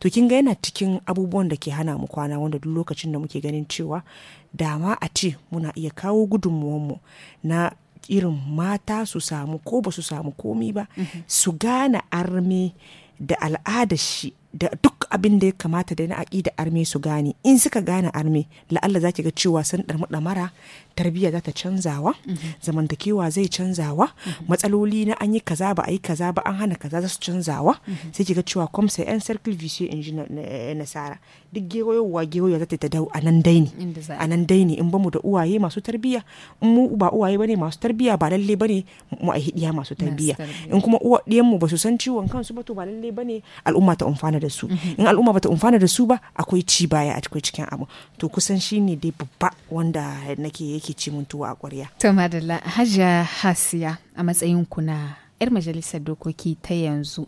to kin ga yana cikin abubuwan da ke hana mu kwana wanda duk lokacin da muke ganin cewa dama a ce muna iya kawo gudunmuwanmu na irin mata su samu ko ba su samu komi ba su gane arme da al'ada shi da duk abin da ya kamata da na aƙi da arme su gane in suka gane arme la'alla za ki ga cewa sun ɗarmu ɗamara tarbiyya za ta canzawa mhm. zamantakewa zai canzawa mhm. matsaloli na an yi kaza ba a yi kaza ba an hana kaza za su canzawa mhm. sai ga cewa kwamsa yan circle vc in eh, nasara duk gewayowa gewayowa za ta dau a nan dai ne a nan dai ne in ba mu da uwaye masu tarbiyya in mu ba uwaye bane masu tarbiyya ba lalle bane mu a hidiya masu tarbiyya in kuma uwa ɗiyan mu ba su san ciwon kansu ba to ba lalle bane al'umma ta umfana da su in al'umma ba ta umfana da su ba akwai ci baya a cikin abu to kusan shine dai babba wanda nake yake ci mun tuwo a ƙwarya. To madalla Hajiya Hasiya a matsayin ku na yar majalisar dokoki ta yanzu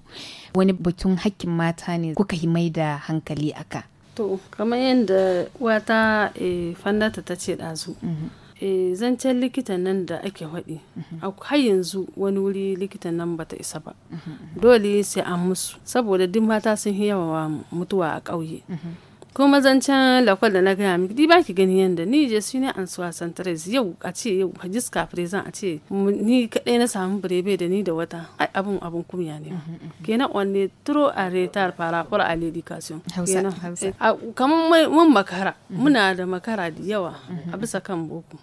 wani batun hakkin mata ne kuka yi mai da hankali aka. To kamar yadda wata e, eh, fannata ta ce ɗazu. e, zancen likitan nan da ake haɗi mhm. har yanzu wani wuri likitan nan bata isa ba mhm, dole sai an musu saboda duk mata sun yawa mutuwa a ƙauye kuma zancen lakwal da na gaya miki di ba gani yanda ni je su ne an suwa santares yau a ce yau hajis kafire a ce ni kaɗai na samu birebe da ni da wata ai abun abun kumya ne mm-hmm, mm-hmm. kenan wanne eh, turo a retar para a education kenan kamar mun makara mm-hmm. muna da makara da yawa a bisa kan boko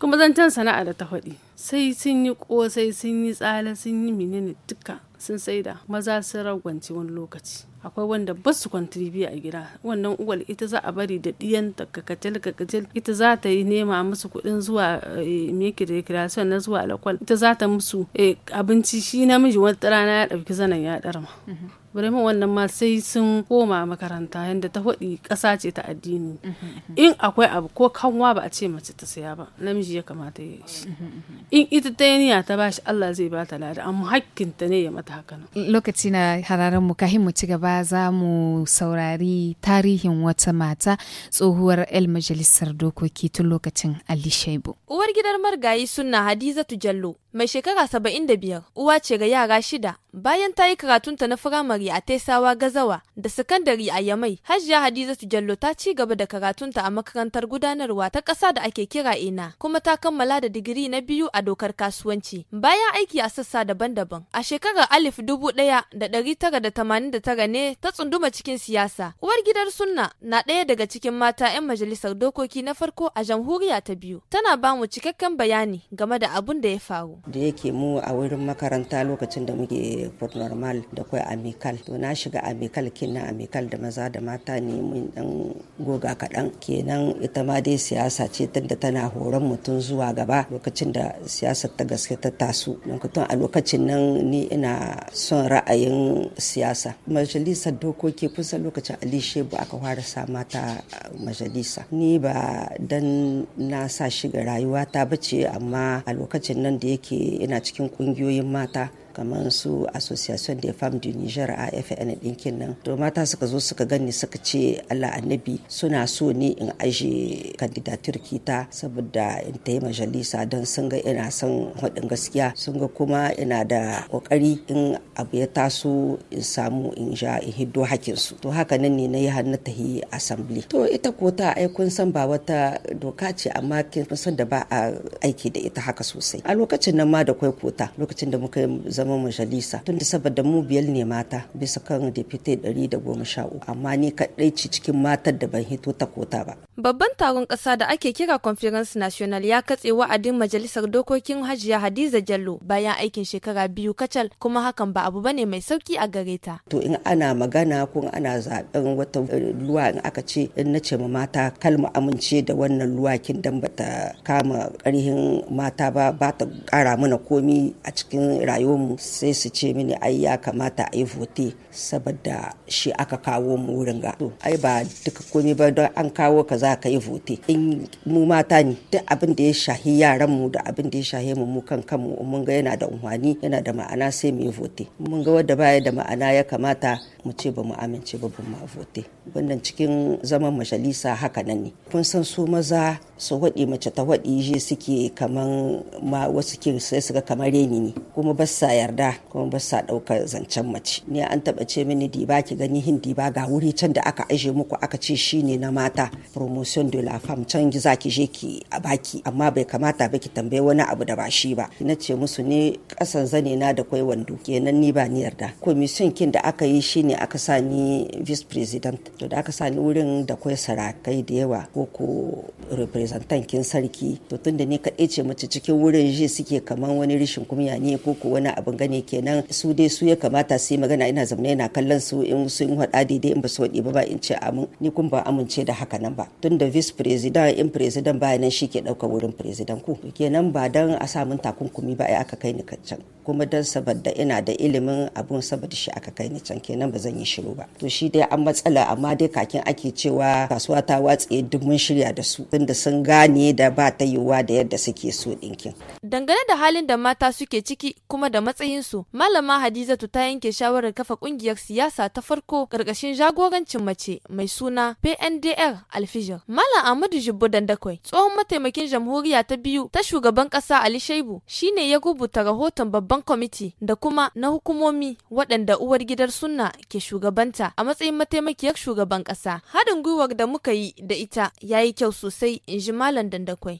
kuma zancen sana'a da ta faɗi sai sun yi ƙosai, sun yi tsala sun yi menene duka sun saida maza sun ragwanci wani lokaci akwai wanda ba su kwantiribi a gida wannan uwal ita za a bari da ɗiyan kakacel kakacel ita za ta yi nema musu kuɗin zuwa eh, meke kira na zuwa alakwal ita za ta musu eh, abinci shi namiji wata rana ya ɗauki zanen ya ɗarma mm-hmm. Bremen wannan ma sai sun koma makaranta yadda ta faɗi kasa ce ta addini. Mm-hmm, mm-hmm. In akwai abu ko kanwa ba a ce mace ta saya ba namiji ya kamata ya shi. Mm-hmm, In ita ta yaniya ta shi Allah zai ba ta lada amma hakkinta ne ya mata haka Lokaci na hararin mu kahin mu ci gaba za mu saurari tarihin wata mata tsohuwar el majalisar dokoki tun lokacin Ali Shaibu. Uwar gidan margayi sunna Hadizatu Jallo mai shekara saba'in da biyar uwa ce ga yara shida bayan ta yi karatunta na firamare a Tesawa Gazawa da sakandare a Yamai. Hajiya Hadiza Jallo ta ci gaba da karatunta a makarantar gudanarwa ta ƙasa da ake kira ina kuma ta kammala da digiri na biyu a dokar kasuwanci. Bayan aiki a sassa daban-daban, a shekarar alif dubu ɗaya da ɗari tara da tamanin da tara ne ta tsunduma cikin siyasa. Uwar gidar Sunna na ɗaya daga cikin mata 'yan majalisar dokoki na farko a jamhuriya ta biyu. Tana ba mu cikakken bayani game da abun da ya faru. Da yake mu a wurin makaranta lokacin da muke normal da kwai amika amikal to na shiga amikal kina amikal da maza da mata ne mun dan goga kaɗan kenan ita ma dai siyasa ce tunda tana horon mutum zuwa gaba lokacin da siyasar ta gaske ta taso lokacin a lokacin nan ni ina son ra'ayin siyasa majalisar dokoki kusa lokacin ali shebu aka fara sa mata uh, majalisa ni ba dan na sa shiga rayuwa ta bace amma a lokacin nan da yake ina cikin kungiyoyin mata kamar su association des femmes du niger fn ɗinkin nan to mata suka zo suka gani suka ce allah annabi suna so ne in aje kandidatur kita saboda in ta majalisa don sun ga ina son haɗin gaskiya sun ga kuma ina da ƙoƙari in abu ya taso in samu in ja in hiddo hakinsu to haka nan ne na yi hannu ta yi assembly to ita ko ta ai kun san ba wata doka ce amma kin san da ba a aiki da ita haka sosai a lokacin nan ma da kwai kota lokacin da muka yi zama majalisa tun da saboda mu biyar ne mata bisa kan deputy 113 amma ni kaɗai ce cikin matar da ban hito ta kota ba. Babban taron kasa da ake kira Conference National ya katse wa'adin Majalisar Dokokin Hajiya Hadiza Jallo bayan aikin shekara biyu kacal kuma hakan ba abu bane mai sauki a gare ta. To in ana magana ko ana zaben wata eh, luwa in aka ce in na ce ma mata kalma amince da wannan luwakin dan bata kama ƙarhin mata ba ba ta ƙara mana komi a cikin rayuwar sai su ce mini ai ya kamata a yi vote saboda shi aka kawo mu wurin ga ai ba duka komai ba don an kawo ka za ka yi vote in mu mata ne duk abin da ya shahi yaran mu da abin da ya shahi mu mu kan kanmu mun ga yana da umwani yana da ma'ana sai mu yi vote mun ga wanda baya da ma'ana ya kamata mu ce ba mu amince ba ba mu vote wannan cikin zaman majalisa haka nan ne kun san su maza su waɗi mace ta waɗi je suke kaman ma wasu kin sai su ga kamar reni ne kuma ba sa yarda kuma ba sa ɗaukar zancen mace ni an taba ce mini diba ki gani hin diba ga wuri can da aka aje muku aka ce shine na mata promotion de la femme can za ki je ki a baki amma bai kamata ba ki tambaye wani abu da ba shi ba na ce musu ni kasan zane na da kwai wando kenan ni ba ni yarda commission kin da aka yi shine aka sa ni vice president to da aka sa ni wurin da kwai sarakai da yawa ko ko representant kin sarki to tunda ni kaɗai ce mace cikin wurin ji suke kaman wani rishin kumya ne ko ko wani abu abin gani kenan su dai su ya kamata su yi magana ina zamana yana kallon su in su in haɗa daidai in ba su waɗi ba ba in ce amin ni kun ba amince da haka nan ba tun da vice president in president ba nan shi ke dauka wurin president ku kenan ba dan a samu takunkumi ba ai aka kai ni can kuma dan saboda ina da ilimin abun saboda shi aka kai ni can kenan ba zan yi shiru ba to shi dai an matsala amma dai kakin ake cewa kasuwa ta watse duk mun shirya da su tunda sun gane da ba ta yiwuwa da yadda suke so ɗinkin dangane da halin da mata suke ciki kuma da matsayin su malama hadizatu ta yanke shawarar kafa kungiyar siyasa ta farko karkashin jagorancin mace mai suna pndl alfijir malam ahmadu jibbo dandakwai tsohon mataimakin jamhuriya ta biyu ta shugaban kasa ali shaibu shine ya rubuta rahoton babban kwamiti da kuma na hukumomi waɗanda uwar gidar sunna ke shugabanta a matsayin mataimakiyar shugaban kasa haɗin gwiwar da muka yi da ita ya yi kyau sosai in ji malam dandakwai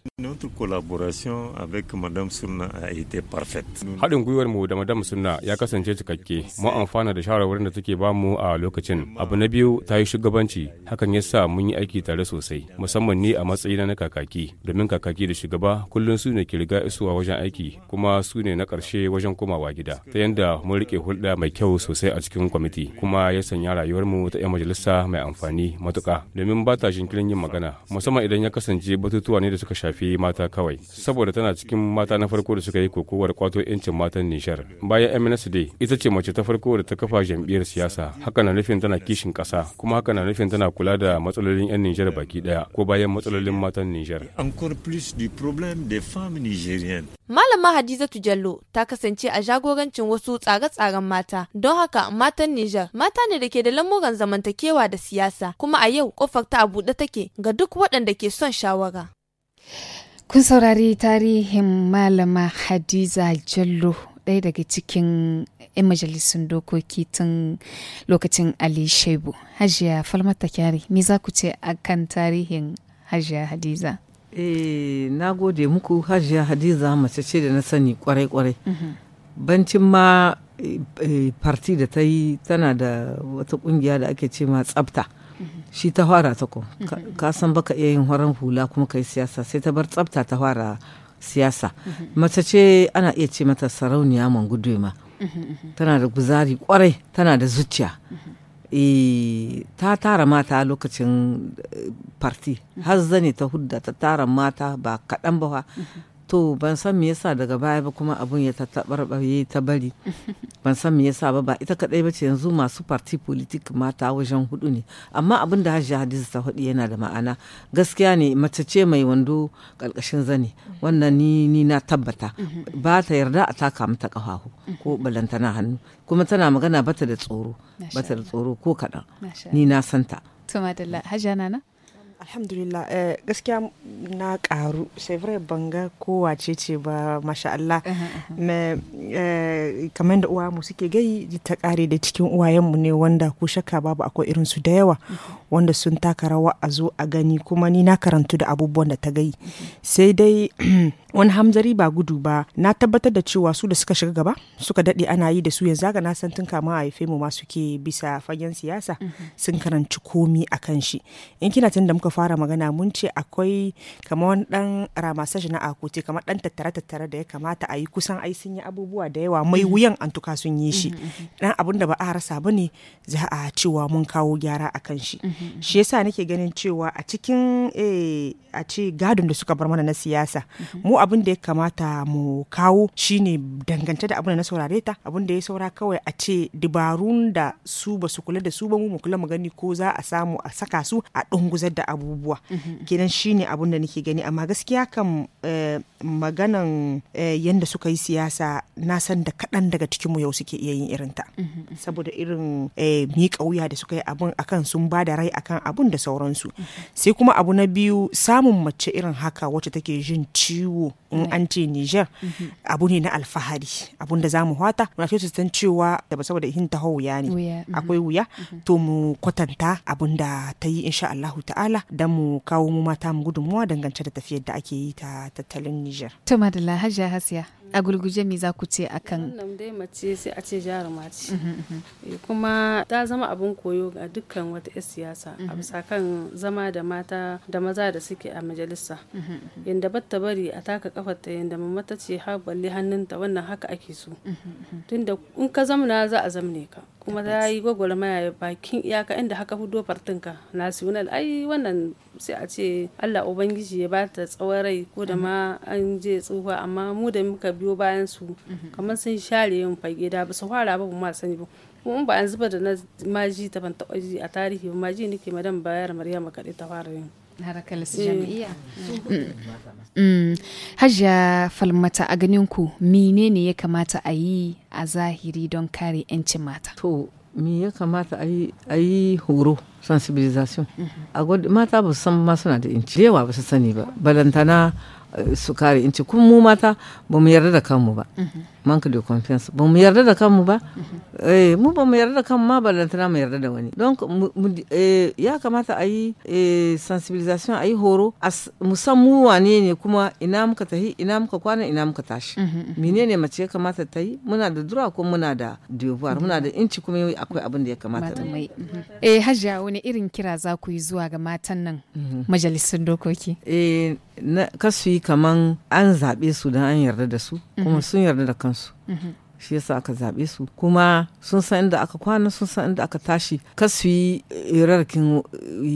Haɗin gwiwar mu da madam sunna ya kasance cikakke mu amfana da shawarwarin da take bamu a lokacin abu na biyu ta yi shugabanci hakan ya sa mun yi aiki tare sosai musamman ni a matsayina na kakaki domin kakaki da shugaba kullum su ne ke riga isuwa wajen aiki kuma su ne na ƙarshe wajen komawa gida ta yanda mun rike hulɗa mai kyau sosai a cikin kwamiti kuma ya sanya rayuwarmu ta 'yan majalisa mai amfani matuƙa domin ba ta jinkirin yin magana musamman idan ya kasance batutuwa ne da suka shafi mata kawai saboda tana cikin mata na farko da suka yi kokowar kwato 'yancin matan nishar bayan MNSD ita ce mace ta farko da ta kafa jam'iyyar siyasa. Haka na nufin tana kishin ƙasa kuma haka na nufin tana kula da matsalolin 'yan Nijar baki daya ko bayan matsalolin matan Nijar. Malama Hadizatu Jallo ta kasance a jagorancin wasu tsare-tsaren mata, don haka matan Nijar mata ne da ke da lamuran zamantakewa da siyasa, kuma a yau kofar ta a buɗe take ga duk waɗanda ke son shawara. Kun saurari tarihin Malama Hadiza Jallo ɗaya daga cikin 'yan majalisun dokoki tun lokacin Ali Shebu. Hajiya Falmata Kyari, me za ku ce a kan tarihin Hajiya Hadiza? Eh, na gode muku Hajiya Hadiza mace ce da na sani kwarai-kwarai. Mhm. Bancin ma farti eh, eh, da ta yi tana da wata kungiya da ake ce ma tsabta. Mhm. Shi ta fara ta ko, ka mhm. san baka iya yin horon hula kuma kai siyasa sai ta bar tsabta ta fara siyasa mhm. mace ce ana iya ce mata sarauniya mangudema mhm. tana da guzari kwarai tana da zuciya mhm. e, ta tara mata lokacin eh, parti har zane ta hudda ta tara mata ba kaɗan ba to ban san me yasa daga baya ba kuma abun ya tattabarbaye ta bari *laughs* ban san me yasa ba ba ita kadai ba ce yanzu masu parti politik mata wajen hudu ne amma abin da hajji hadiza ta hudu yana da ma'ana gaskiya ne mace ce mai wando kalkashin zane wannan ni ni na tabbata mhm. ba ta yarda a taka mata kafahu mhm. ko balantana hannu kuma tana magana bata da tsoro bata da tsoro ko kaɗan ni na santa to madalla hajjana na alhamdulillah eh, gaskiya na karu sevre banga kowace ce ba masha Allah eh, kamar da uwa mu suke gai ta kare da cikin uwayenmu ne wanda ko shakka babu akwai irin su da yawa mhm. wanda sun taka rawa a zo a gani kuma ni na karantu da abubuwan da ta gai sai dai *clears throat* wani hamzari ba gudu ba na tabbatar da cewa su da suka shiga gaba suka daɗe ana yi da su yanzu ga na san tun kama a haife mu ma suke bisa fagen siyasa mhm. sun karanci komi a kan shi in kina tun da muka fara magana mun ce akwai kamar wani dan ramasashi na akuti kamar dan tattare tattare da ya kamata a yi kusan ai sun yi abubuwa da yawa mai mhm. wuyan an tuka sun yi shi dan mhm, abun da ba a rasa ba ne za a cewa mun kawo gyara a kan shi shi yasa nake ganin cewa a cikin eh, a ce gadon da suka bar mana na siyasa mu abin da ya kamata mu kawo shine dangance da abin da na saurare ta abin da ya saura kawai a ce dabarun da su ba su kula da su ba mu mu kula mu gani ko za a samu a saka su a dunguzar da abubuwa mhm. kenan shine abin da nake gani amma gaskiya kan eh, maganan eh, yanda suka yi siyasa na san da kaɗan daga cikin mu yau suke iya yin irinta mhm, mhm. saboda irin eh, miƙa wuya da suka yi abin akan sun ba da rai akan abin da sauransu sai kuma abu na biyu samun mace irin haka wacce take jin ciwo in an ce Niger abu ne na alfahari abun da za mu hwata muna ce su san cewa da ba saboda hin ta wuya ne mhm. akwai wuya mhm. to mu kwatanta abun da ta yi insha Allah ta'ala dan mu kawo mu mata mu gudunmuwa dangance da tafiyar da ake yi ta tattalin Niger to madalla hajja hasiya a gurguje mi za ku ce kan nan dai mace sai a ce jaruma ce mhm, mhm. Eh, kuma ta zama abin koyo ga dukkan wata 'yan siyasa a mhm. bisa kan zama da mata da maza da suke a majalisa yadda batta bari a taka kafarta yadda mamata ce har balle hannunta wannan haka ake so tunda in ka zamna za a zamne ka kuma ta yi gwagwarmaya bakin iyaka inda haka hudo fartinka national ai wannan sai a ce allah ubangiji ya ba ta tsawon rai ko da ma an je tsufa amma mu da muka biyo bayan su mhm. kamar sun share yin fage da ba su fara ba ma sani ba kuma in ba an zuba da na maji ta ban taɓa ji a tarihi ba maji nake madan bayar maryama kaɗai ta fara yin harakar eh. jam'iyya mm. mm. hajja falmata a ganin ku menene ya kamata a yi a zahiri don kare 'yancin mata to me ya kamata a yi horo sensibilisation mhm. a mata ba su san ma suna da yanci yawa ba su sani ba balantana su kare inci kuma mu mata ba mu yarda da kanmu ba mhm. manka de confiance ba mu yarda da kanmu ba mhm. eh mu ba mu yarda da kanmu ma balantana mu yarda da wani donc eh, ya kamata a yi eh, sensibilisation a yi horo mu san mu wane ne kuma ina muka tahi ina muka kwana ina muka tashi mhm, mhm. menene mace ya kamata ta yi muna da dura ko muna da devoir muna da inci kuma akwai abin da ya kamata eh hajiya wani irin kira za ku yi zuwa ga matan nan majalisun dokoki eh kasu yi kaman an zaɓe su dan an yarda da su kuma sun yarda da kansu kansu shi yasa aka zaɓe su kuma sun san inda aka kwana sun san inda aka tashi kasu su yi rarrakin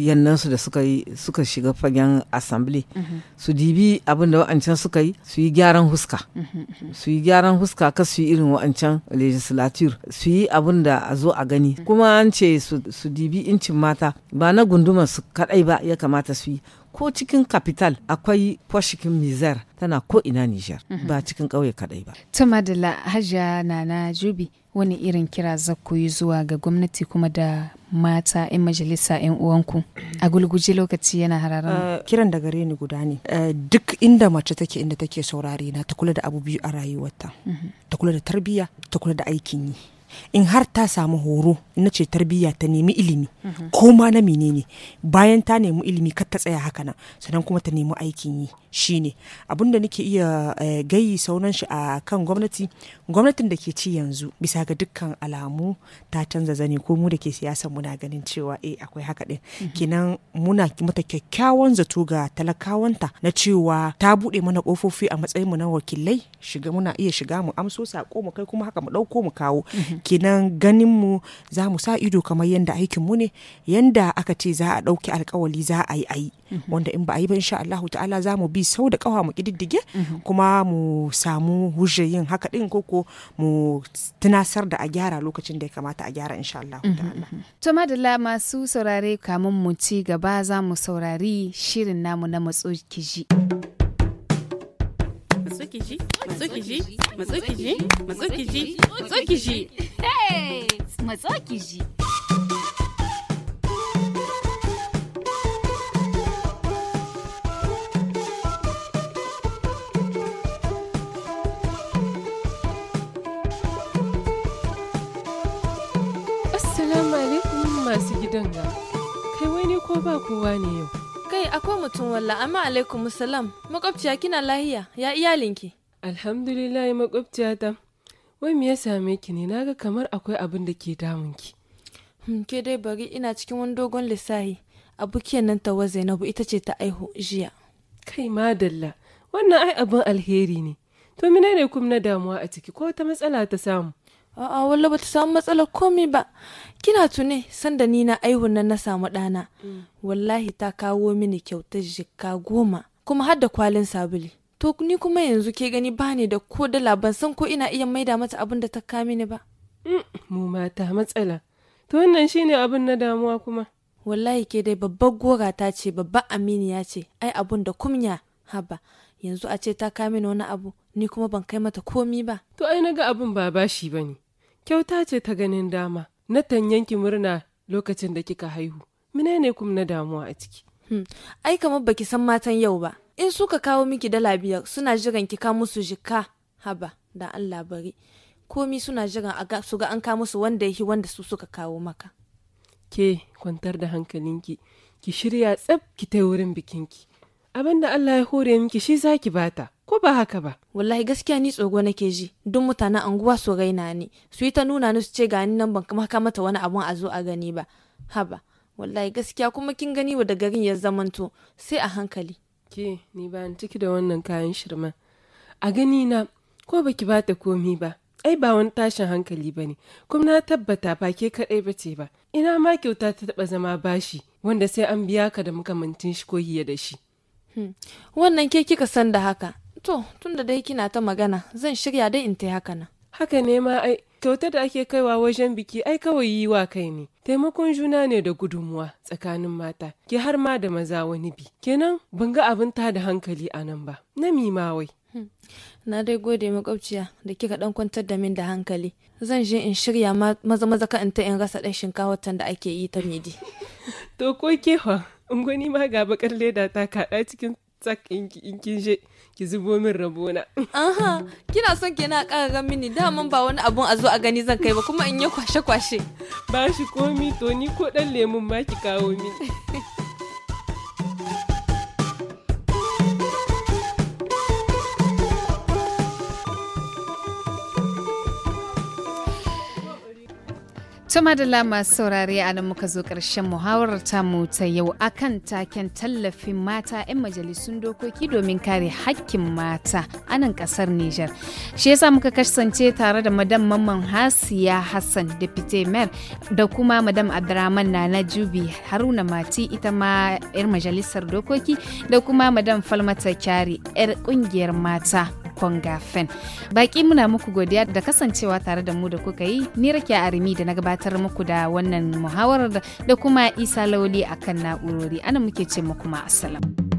yannansu da suka yi suka shiga fagen assembly su dibi abin da wa'ancan suka yi su yi gyaran huska su yi gyaran huska kasu su yi irin wa'ancan legislature su yi abin da a zo a gani kuma an ce su dibi incin mata ba na gunduma su kadai ba ya kamata su yi ko cikin kapital akwai kwashikin mizar tana ko ina Nijar mhm. ba cikin ƙauye kaɗai ba. Tumadala na na Jubi wani irin kira za ku yi zuwa ga gwamnati kuma da mata 'yan majalisa 'yan uwanku a gulguji lokaci yana hararan eh, kiran da gare ni guda ne eh, duk inda mace take inda take saurare na ta kula da abu a rayuwarta mhm. ta kula da tarbiyya ta kula da aikin yi in har ta samu horo na ce tarbiyya ta nemi ilimi ko ma na menene bayan ta nemi ilimi kar ta tsaya haka nan sannan kuma ta nemi aikin yi shine abinda nake iya eh, gayi saunan shi a kan gwamnati gwamnatin da ke ci yanzu bisa ga dukkan alamu ta canza zane ko mu da ke siyasa muna ganin cewa eh akwai haka din mhm. Kinan muna mata kyakkyawan zato ga talakawanta na cewa ta bude mana kofofi a matsayin mu na wakilai shiga muna iya shiga mu amso sako mu kai kuma haka mu ɗauko mu kawo mhm. Kinan ganin mu za mu sa ido kamar yanda aikin mu ne yanda aka ce za a dauki alkawali za a yi ayi mhm. wanda in ba a yi ba insha Allah ta'ala za mu bi sau da kawa mu kididdige mhm. kuma mu samu wuje yin haka din koko mu tunasar da a gyara lokacin da ya kamata a gyara insha Allah mhm, mhm, to madalla masu saurare kamun mu ci gaba za mu saurari shirin namu na matso kiji matso kiji matso kiji matso kiji ba kowa ne yau. Kai akwai mutum walla amma alaikum salam makwabciya kina lahiya ya iyalin ki. Alhamdulillah makwabciya ta. Wai me ya same ki ne naga kamar akwai abin da ke damun ki. Hmm, ke dai bari ina cikin wani dogon lissahi abokiyar nan tawa Zainabu ita ce ta aihu jiya. Kai madalla wannan ai abin alheri ne. To menene kuma na damuwa a ciki ko ta matsala ta samu? a'a wallo bata samu matsalar komi ba kina tune sanda ni na aihun nan na samu ɗana mm. wallahi ta kawo mini kyautar jikka goma kuma har da kwalin sabuli to ni kuma yanzu ke gani ba ne da ko dala ban san ko ina iya maida mata abin da ta ka mini ba mm. mu mata matsala to wannan shine abin na damuwa kuma wallahi ke dai babbar gora ta ce babbar aminiya ce ai abun da kumya haba yanzu a ce ta ka ni wani abu ni kuma ban kai mata komi ba to ai naga abin ba bashi bane Kyauta ce ta ganin dama, Natan yanki murna lokacin da kika haihu, menene kuma na damuwa a ciki. Hmm. Ai kamar baki san matan yau ba, in suka kawo miki dala biyar suna jiran ki ka musu jika haba da Allah bari. Komi suna jiran a su ga an kawo musu wanda yahi wanda su suka kawo maka. Ke kwantar da hankalinki, ki shirya tsab ki ta wurin bikinki. abin da Allah ya hore miki shi zaki bata ko ba haka ba wallahi gaskiya ni tsogo nake ji duk mutanen anguwa su gaina ni su yi ta nuna ni su ce ga nan ban kama mata wani abun a zo a gani ba haba wallahi gaskiya kuma kin gani wa da garin ya zamanto sai a hankali ke ni ba ni ciki da wannan kayan shirma a gani na ko baki bata komi ba ai ba wani tashin hankali ba ne kuma na tabbata ba ke kaɗai ba ce ba ina ma kyauta ta taɓa zama bashi wanda sai an biya ka da makamantin shi ko hiya da shi Hmm. Wannan ke kika san da haka. To, tun da dai kina ta magana, zan shirya dai in ta haka na. Haka ne ma ai, kyautar da ake kaiwa wajen biki ai kawai yi wa kai ne. Taimakon juna ne da gudunmuwa tsakanin mata, ke har ma da maza wani bi. Kenan ban ga abin ta da hankali a nan ba, na mima wai. Hmm. Na dai gode makwabciya da kika dan kwantar da min da hankali. Zan je in shirya maza maza ka in ta in rasa dan shinkawar da ake yi ta midi. *laughs* to ko ke ungwani ma ga bakar leda ta kaɗa cikin tsak in kin je ki zubo min rabona. Aha, kina son kina kara ga mini daman ba wani abun a zo a gani zan kai ba kuma in yi kwashe-kwashe. Ba shi komi to ni ko ɗan lemun ma ki kawo mini. *laughs* Tumadala masu saurare a nan muka zo ƙarshen muhawarar tamu ta yau akan taken tallafin mata 'yan majalisun dokoki domin kare hakkin mata a nan ƙasar Nijar. Shi yasa muka kasance tare da madam Mamman Hasiya Hassan Deputy Mayor da kuma madam Abdurrahman Nana Jubi Haruna Mati ita ma 'yar majalisar dokoki da kuma madam Falmata Kyari 'yar ƙungiyar mata. gafen Baki muna muku godiya da kasancewa tare da mu da kuka yi, ni rake arimi da na gabatar muku da wannan muhawarar da kuma isa lauli akan na'urori. Ana muke ce muku ma asalam.